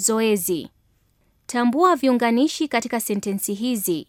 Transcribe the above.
Zoezi: tambua viunganishi katika sentensi hizi.